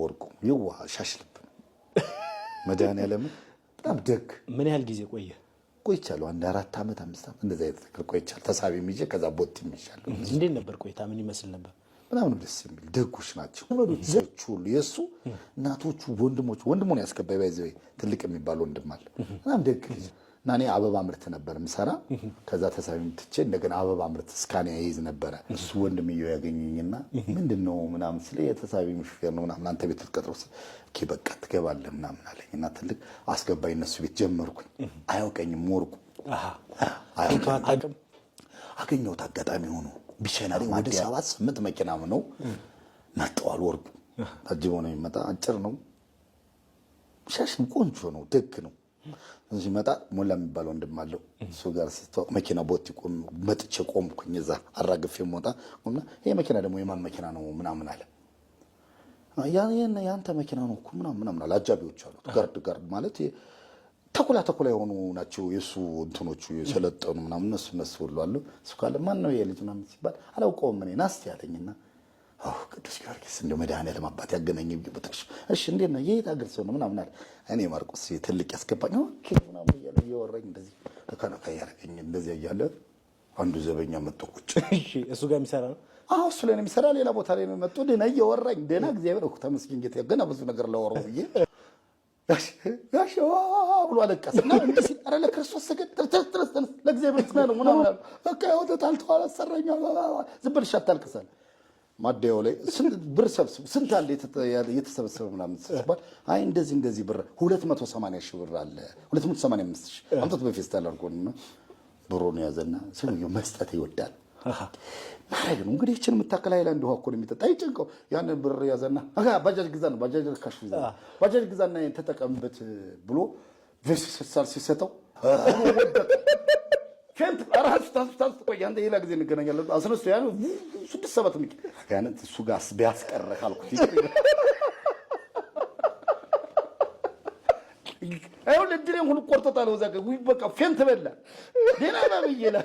ወርቁ ይዋ ሻሽልብ ነው መድኃኒዓለምን በጣም ደግ። ምን ያህል ጊዜ ቆየ? ቆይቻለሁ አንድ አራት ዓመት አምስት ዓመት እንደዚ አይነት ነገር ቆይቻለሁ። ተሳቢ የሚጀ ከዛ ቦት የሚሻለ እንዴት ነበር ቆይታ? ምን ይመስል ነበር? በጣም ደስ የሚል ደጎች ናቸው። ዘች ሁሉ የእሱ እናቶቹ ወንድሞቹ ወንድሙን ያስገባይ ባይዘ ትልቅ የሚባል ወንድም አለ። በጣም ደግ ልጅ እና እኔ አበባ ምርት ነበር ምሰራ። ከዛ ተሳቢም ትቼ እንደገና አበባ ምርት እስካኒያ ይይዝ ነበረ። እሱ ወንድምየው ያገኘኝና ምንድን ነው ምናምን ስለ የተሳቢ ሹፌር ነው ምናምን አንተ ቤት ትቀጥሮ ኦኬ በቃ ትገባለህ ምናምን አለኝ እና ትልቅ አስገባኝ። እነሱ ቤት ጀመርኩኝ። አያውቀኝም ወርቁ አገኘሁት። አጋጣሚ ሆኖ ቢሸና ወደ ሰባት ስምንት መኪና ነው መጠዋል። ወርቁ ታጅቦ ነው የሚመጣ አጭር ነው፣ ሻሽም ቆንጆ ነው፣ ደግ ነው። ሲመጣ ሞላ የሚባል ወንድም አለው። እሱ ጋር ስታወቅ መኪና ቦት ቆም መጥቼ ቆምኩኝ። እዛ አራግፌ ሞጣ ቆምና ይሄ መኪና ደግሞ የማን መኪና ነው ምናምን አለ። ያንተ መኪና ነው እኮ ምናምን ምናምን አለ። አጃቢዎች አሉት። ጋርድ ጋርድ ማለት ተኩላ ተኩላ የሆኑ ናቸው የእሱ እንትኖቹ የሰለጠኑ ምናምን እነሱ እነሱ ሁሉ አሉ። እሱ ካለ ማን ነው የልጅ ምናምን ሲባል አላውቀውም እኔ ናስቲ ያለኝና ቅዱስ ጊዮርጊስ እንደ መድኃኒዓለም አባት ያገናኝ ብጠቅሽ፣ እሺ እንዴት ነው የየት አገር ሰው ነው ምናምን አለ። እኔ ማርቆስ ትልቅ ያስገባኝ ምናምን እያለ እየወራኝ እንደዚህ ከካናካ እያደረገኝ እንደዚህ እያለ አንዱ ዘበኛ መጥቶ ቁጭ እሱ ጋር የሚሰራ ነው አሁ እሱ ላይ የሚሰራ። ሌላ ቦታ ላይ መጡ። ደህና እየወራኝ ደህና እግዚአብሔር እኮ ተመስገን ጌታዬ፣ ገና ብዙ ነገር ላወራው ብዬ ብሎ አለቀስና እንደ ሲጠራ ለክርስቶስ ስገድ ለእግዚአብሔር ስና ነው ምናምን በቃ ወተት አልተዋል አሰራኛ ዝም ብለሽ አታልቅሳል ማደያው ላይ ብር ሰብስብ ስንት አለ የተሰበሰበ ምናምን ሲባል አይ እንደዚህ እንደዚህ ብር 280 ሺህ ብር አለ 285 ሺህ አምጣት በፌስታል አድርጎና ብሩን ያዘና ሰውዬው መስጠት ይወዳል ማረግ ነው እንግዲህ እችን የምታክል ሃይላንድ ውሃ እኮ ነው የሚጠጣ አይጨንቀው ያንን ብር ያዘና ባጃጅ ግዛ ነው ባጃጅ ርካሽ ግዛ ባጃጅ ግዛና ተጠቀምበት ብሎ ፌስታል ሲሰጠው ወደቀ ከንት ራሱ ታስታስታስ ቆይ አንተ ሌላ ጊዜ እንገናኛለን። አስነሱ ያን ስድስት ሰባት ምቂ ያንን እሱ ጋር ቢያስቀረህ አልኩት። አሁን እድሌን ሁሉ በቃ ፌንት በላ ሌላ ላ